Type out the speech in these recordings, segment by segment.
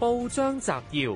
報章摘要：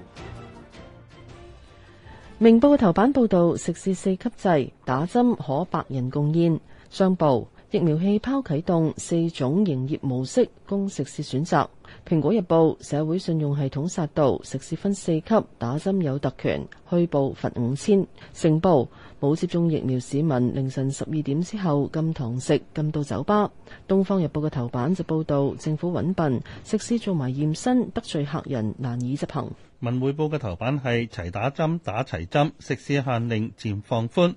明報頭版報道，食肆四級制，打針可百人共宴。商報。疫苗氣泡啟動四種營業模式供食肆選擇。蘋果日報社會信用系統殺到，食肆分四級打針有特權虛報罰五千。《成報冇接種疫苗市民凌晨十二點之後禁堂食，禁到酒吧。《東方日報嘅頭版就報道政府揾笨，食肆做埋驗身，得罪客人難以執行。《文匯報嘅頭版係齊打針打齊針，食肆限令漸放寬。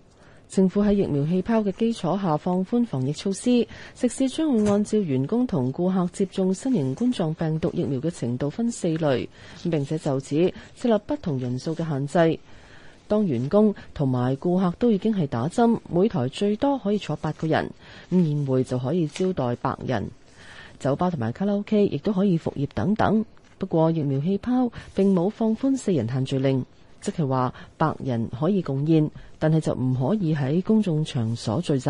政府喺疫苗氣泡嘅基礎下放寬防疫措施，食肆將會按照員工同顧客接種新型冠狀病毒疫苗嘅程度分四類。並且就此設立不同人數嘅限制。當員工同埋顧客都已經係打針，每台最多可以坐八個人，咁宴會就可以招待八人。酒吧同埋卡拉 OK 亦都可以復業等等。不過疫苗氣泡並冇放寬四人限聚令，即係話八人可以共宴。但係就唔可以喺公眾場所聚集。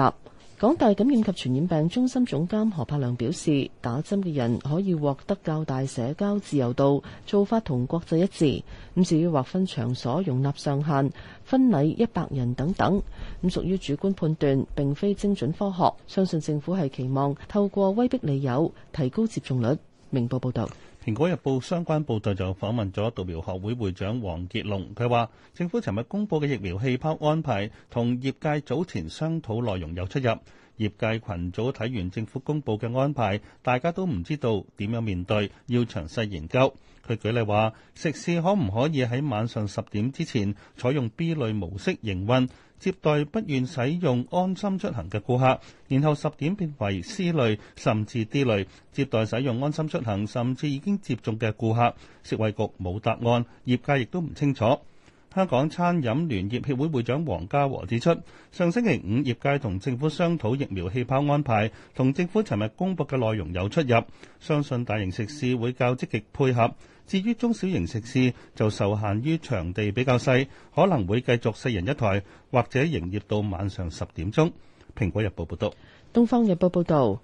港大感染及傳染病中心總監何柏良表示，打針嘅人可以獲得較大社交自由度，做法同國際一致。咁至於劃分場所容納上限、婚禮一百人等等，咁屬於主觀判斷，並非精準科學。相信政府係期望透過威逼利誘提高接種率。明報報道。《蘋果日報》相關報道就訪問咗稻苗學會會長黃傑龍，佢話：政府尋日公布嘅疫苗氣泡安排同業界早前商討內容有出入。業界群組睇完政府公佈嘅安排，大家都唔知道點樣面對，要詳細研究。佢舉例話：食肆可唔可以喺晚上十點之前採用 B 類模式營運，接待不願使用安心出行嘅顧客，然後十點變為 C 類，甚至 D 類，接待使用安心出行，甚至已經接種嘅顧客。食衞局冇答案，業界亦都唔清楚。香港餐飲聯業協會會長黃家和指出，上星期五業界同政府商討疫苗氣泡安排，同政府尋日公佈嘅內容有出入。相信大型食肆會較積極配合，至於中小型食肆就受限於場地比較細，可能會繼續四人一台，或者營業到晚上十點鐘。《蘋果日報》報道，《東方日報》報道。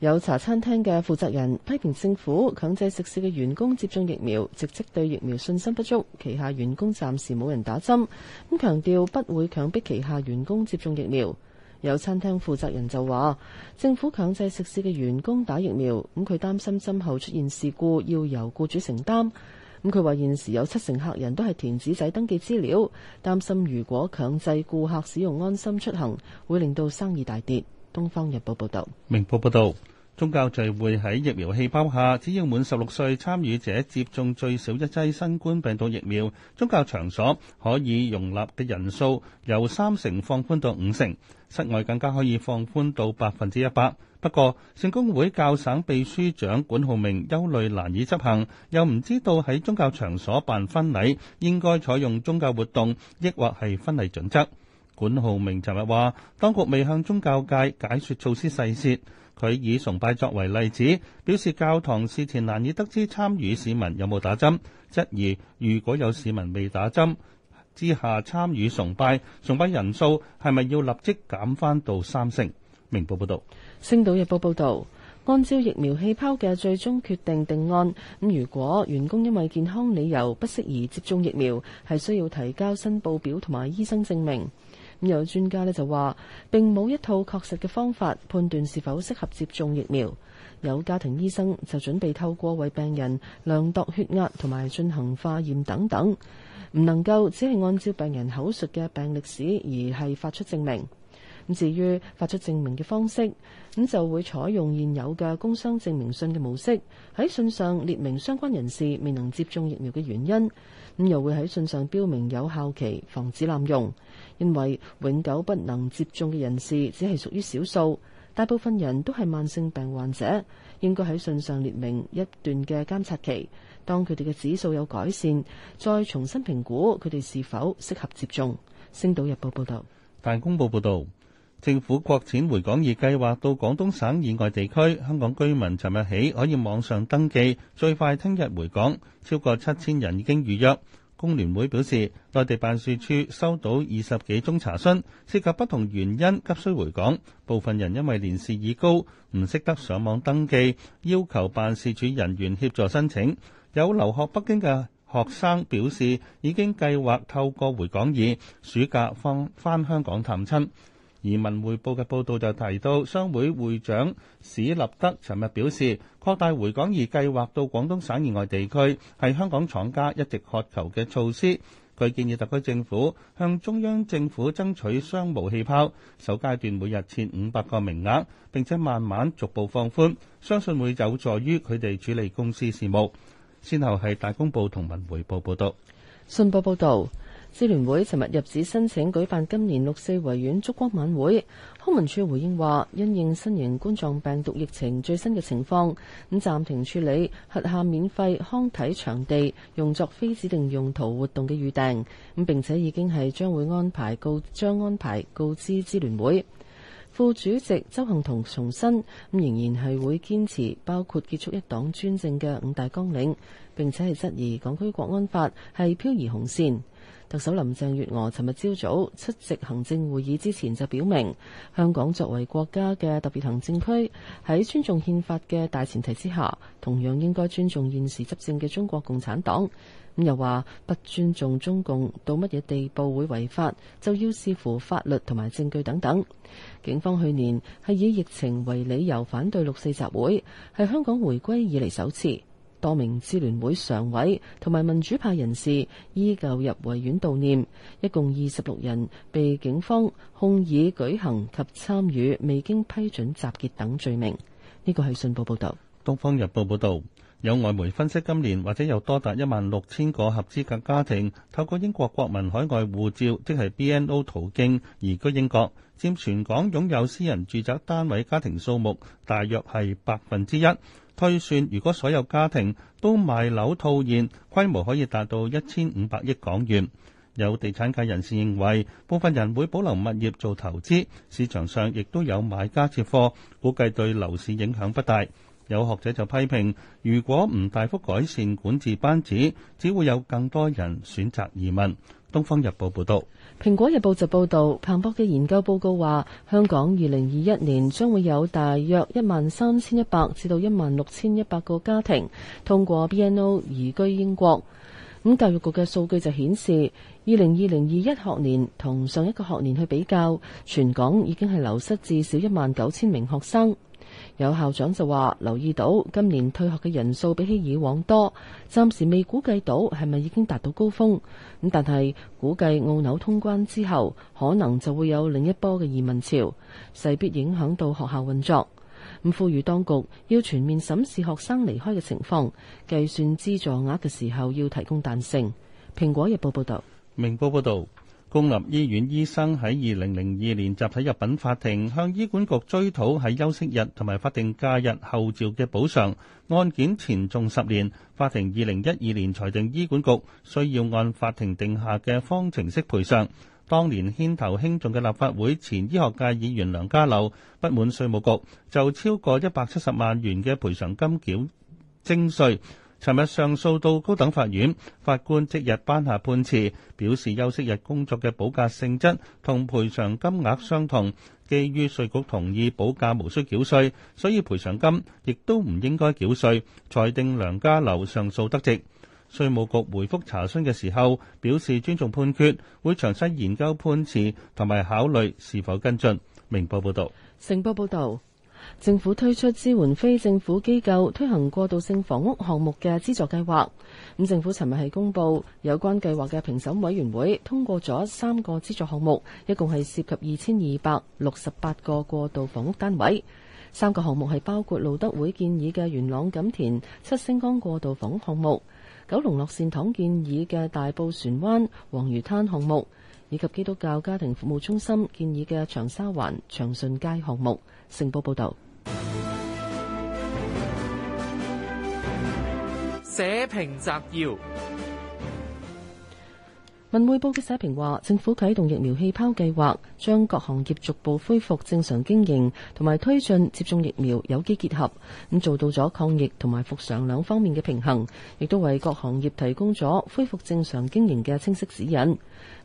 有茶餐廳嘅負責人批評政府強制食肆嘅員工接種疫苗，直斥對疫苗信心不足，旗下員工暫時冇人打針。咁強調不會強迫旗下員工接種疫苗。有餐廳負責人就話，政府強制食肆嘅員工打疫苗，咁佢擔心針後出現事故要由雇主承擔。咁佢話現時有七成客人都係填紙仔登記資料，擔心如果強制顧客使用安心出行，會令到生意大跌。東方日報報道，明報報道，宗教聚會喺疫苗氣泡下，只要滿十六歲參與者接種最少一劑新冠病毒疫苗，宗教場所可以容納嘅人數由三成放寬到五成，室外更加可以放寬到百分之一百。不過，聖公會教省秘書長管浩明憂慮難以執行，又唔知道喺宗教場所辦婚禮應該採用宗教活動，抑或係婚禮準則。管浩明昨日話，當局未向宗教界解説措施細節。佢以崇拜作為例子，表示教堂事前難以得知參與市民有冇打針，質疑如果有市民未打針之下參與崇拜，崇拜人數係咪要立即減翻到三成？明報報道。《星島日報》報道，按照疫苗氣泡嘅最終決定定案，咁如果員工因為健康理由不適宜接種疫苗，係需要提交申報表同埋醫生證明。有專家咧就話，並冇一套確實嘅方法判斷是否適合接種疫苗。有家庭醫生就準備透過為病人量度血壓同埋進行化驗等等，唔能夠只係按照病人口述嘅病歷史而係發出證明。至於發出證明嘅方式，咁就會採用現有嘅工商證明信嘅模式，喺信上列明相關人士未能接種疫苗嘅原因，咁又會喺信上標明有效期，防止濫用。因為永久不能接種嘅人士只係屬於少數，大部分人都係慢性病患者，應該喺信上列明一段嘅監察期，當佢哋嘅指數有改善，再重新評估佢哋是否適合接種。《星島日報》報道。《大公報》報道。政府擴展回港易計劃到廣東省以外地區，香港居民尋日起可以網上登記，最快聽日回港。超過七千人已經預約。工聯會表示，內地辦事處收到二十幾宗查詢，涉及不同原因急需回港。部分人因為年事已高，唔識得上網登記，要求辦事處人員協助申請。有留學北京嘅學生表示，已經計劃透過回港易暑假放返香港探親。《移民匯報》嘅報導就提到，商會會長史立德尋日表示，擴大回港易計劃到廣東省以外地區，係香港廠家一直渴求嘅措施。佢建議特區政府向中央政府爭取商務氣泡，首階段每日設五百個名額，並且慢慢逐步放寬，相信會有助於佢哋處理公司事務。先後係《大公報》同《文匯報》報導。信報報導。支聯會尋日入紙申請舉辦今年六四維園燭光晚會，康文署回應話：因應新型冠狀病毒疫情最新嘅情況，咁暫停處理轄下免費康體場地用作非指定用途活動嘅預訂，咁並且已經係將會安排告將安排告知支聯會。副主席鄒幸彤重申，仍然係會堅持包括結束一黨專政嘅五大綱領，並且係質疑港區國安法係漂移紅線。特首林鄭月娥尋日朝早出席行政會議之前就表明，香港作為國家嘅特別行政區喺尊重憲法嘅大前提之下，同樣應該尊重現時執政嘅中國共產黨，咁又話不尊重中共到乜嘢地步會違法，就要視乎法律同埋證據等等。警方去年係以疫情為理由反對六四集會，係香港回歸以嚟首次。多名支聯會常委同埋民主派人士依舊入維園悼念，一共二十六人被警方控以舉行及參與未經批准集結等罪名。呢個係信報報導，《東方日報》報導有外媒分析，今年或者有多達一萬六千個合資格家庭透過英國國民海外護照，即係 BNO 途徑移居英國，佔全港擁有私人住宅單位家庭數目大約係百分之一。推算，如果所有家庭都賣樓套現，規模可以達到一千五百億港元。有地產界人士認為，部分人會保留物業做投資，市場上亦都有買家接貨，估計對樓市影響不大。有學者就批評，如果唔大幅改善管治班子，只會有更多人選擇移民。《東方日報》報導，《蘋果日報》就報導，彭博嘅研究報告話，香港二零二一年將會有大約一萬三千一百至到一萬六千一百個家庭通過 BNO 移居英國。咁教育局嘅數據就顯示，二零二零二一學年同上一個學年去比較，全港已經係流失至少一萬九千名學生。有校長就話留意到今年退學嘅人數比起以往多，暫時未估計到係咪已經達到高峰。咁但係估計澳紐通關之後，可能就會有另一波嘅移民潮，勢必影響到學校運作。咁呼籲當局要全面審視學生離開嘅情況，計算資助額嘅時候要提供彈性。蘋果日報報道。明報報道。公立醫院醫生喺二零零二年集體入禀法庭，向醫管局追討喺休息日同埋法定假日候召嘅補償，案件前重十年。法庭二零一二年裁定醫管局需要按法庭定下嘅方程式賠償。當年牽頭輕重嘅立法會前醫學界議員梁家騮不滿稅務局就超過一百七十萬元嘅賠償金繳徵稅。昨日上訴到高等法院，法官即日頒下判詞，表示休息日工作嘅保價性質同賠償金額相同，基於稅局同意保價無需繳稅，所以賠償金亦都唔應該繳稅。裁定梁家樓上訴得直。稅務局回覆查詢嘅時候表示尊重判決，會詳細研究判詞同埋考慮是否跟進。明報報道。成報報導。政府推出支援非政府機構推行過渡性房屋項目嘅資助計劃。咁，政府尋日係公布有關計劃嘅評審委員會通過咗三個資助項目，一共係涉及二千二百六十八個過渡房屋單位。三個項目係包括路德會建議嘅元朗錦田七星崗過渡房屋項目、九龍樂善堂建議嘅大埔船灣黃魚灘項目，以及基督教家庭服務中心建議嘅長沙灣長順街項目。成報報導，社評摘要。文匯報嘅社評話：政府啟動疫苗氣泡計劃，將各行業逐步恢復正常經營，同埋推進接種疫苗有機結合，咁做到咗抗疫同埋復常兩方面嘅平衡，亦都為各行業提供咗恢復正常經營嘅清晰指引。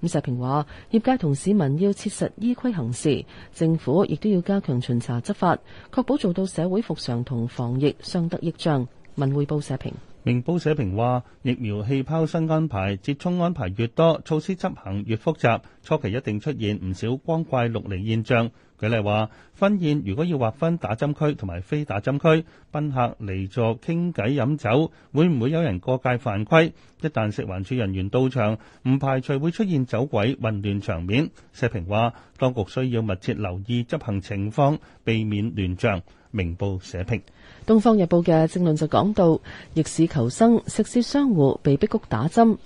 咁社評話：業界同市民要切實依規行事，政府亦都要加強巡查執法，確保做到社會復常同防疫相得益彰。文匯報社評。明報社評話：疫苗氣泡新安排，折衝安排越多，措施執行越複雜，初期一定出現唔少光怪陸離現象。舉例話婚宴如果要劃分打針區同埋非打針區，賓客離座傾偈飲酒，會唔會有人過界犯規？一旦食環署人員到場，唔排除會出現走鬼、混亂場面。社評話，當局需要密切留意執行情況，避免亂象。明報社評，《東方日報》嘅正論就講到，逆市求生，食肆商戶被逼谷打針。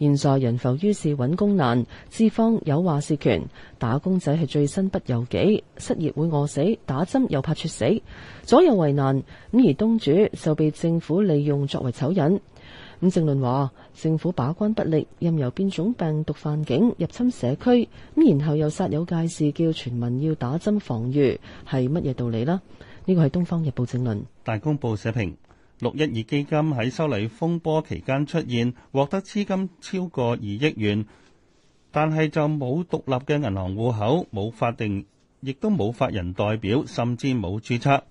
現在人浮於事，揾工難，資方有話事權，打工仔係最身不由己。失業會餓死，打針又怕猝死，左右為難。咁而東主就被政府利用作為醜人。咁正論話政府把關不力，任由變種病毒犯境入侵社區，咁然後又煞有介事叫全民要打針防禦，係乜嘢道理呢？呢、這個係《東方日報》正論。大公報社評。六一二基金喺修例風波期間出現獲得資金超過二億元，但係就冇獨立嘅銀行戶口，冇法定，亦都冇法人代表，甚至冇註冊，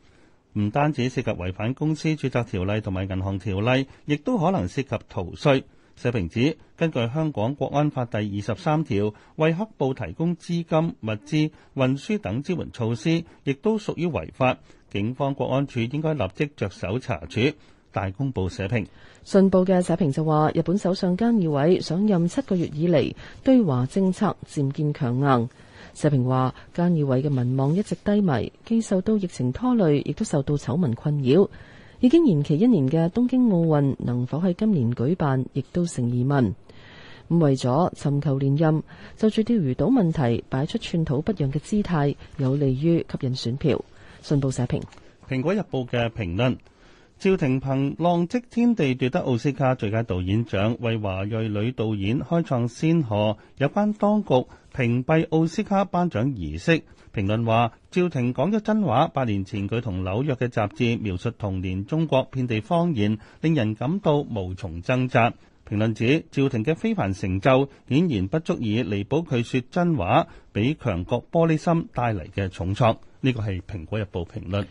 唔單止涉及違反公司註冊條例同埋銀行條例，亦都可能涉及逃稅。社評指，根據香港國安法第二十三條，為黑暴提供資金、物資、運輸等支援措施，亦都屬於違法。警方、國安處應該立即着手查處。大公報社評。信報嘅社評就話：日本首相菅義偉上任七個月以嚟，對華政策漸見強硬。社評話，菅義偉嘅民望一直低迷，既受到疫情拖累，亦都受到醜聞困擾。已經延期一年嘅東京奧運能否喺今年舉辦，亦都成疑問。咁為咗尋求連任，就住釣魚島問題擺出寸土不讓嘅姿態，有利於吸引選票。信報社評，《蘋果日報》嘅評論：趙婷憑《浪跡天地》奪得奧斯卡最佳導演獎，為華裔女導演開創先河。有關當局屏蔽奧斯卡頒獎儀式，評論話：趙婷講咗真話。八年前佢同紐約嘅雜誌描述童年中國遍地謊言，令人感到無從掙扎。評論指趙婷嘅非凡成就，顯然不足以彌補佢說真話俾強國玻璃心帶嚟嘅重創。呢個係蘋果日報評論。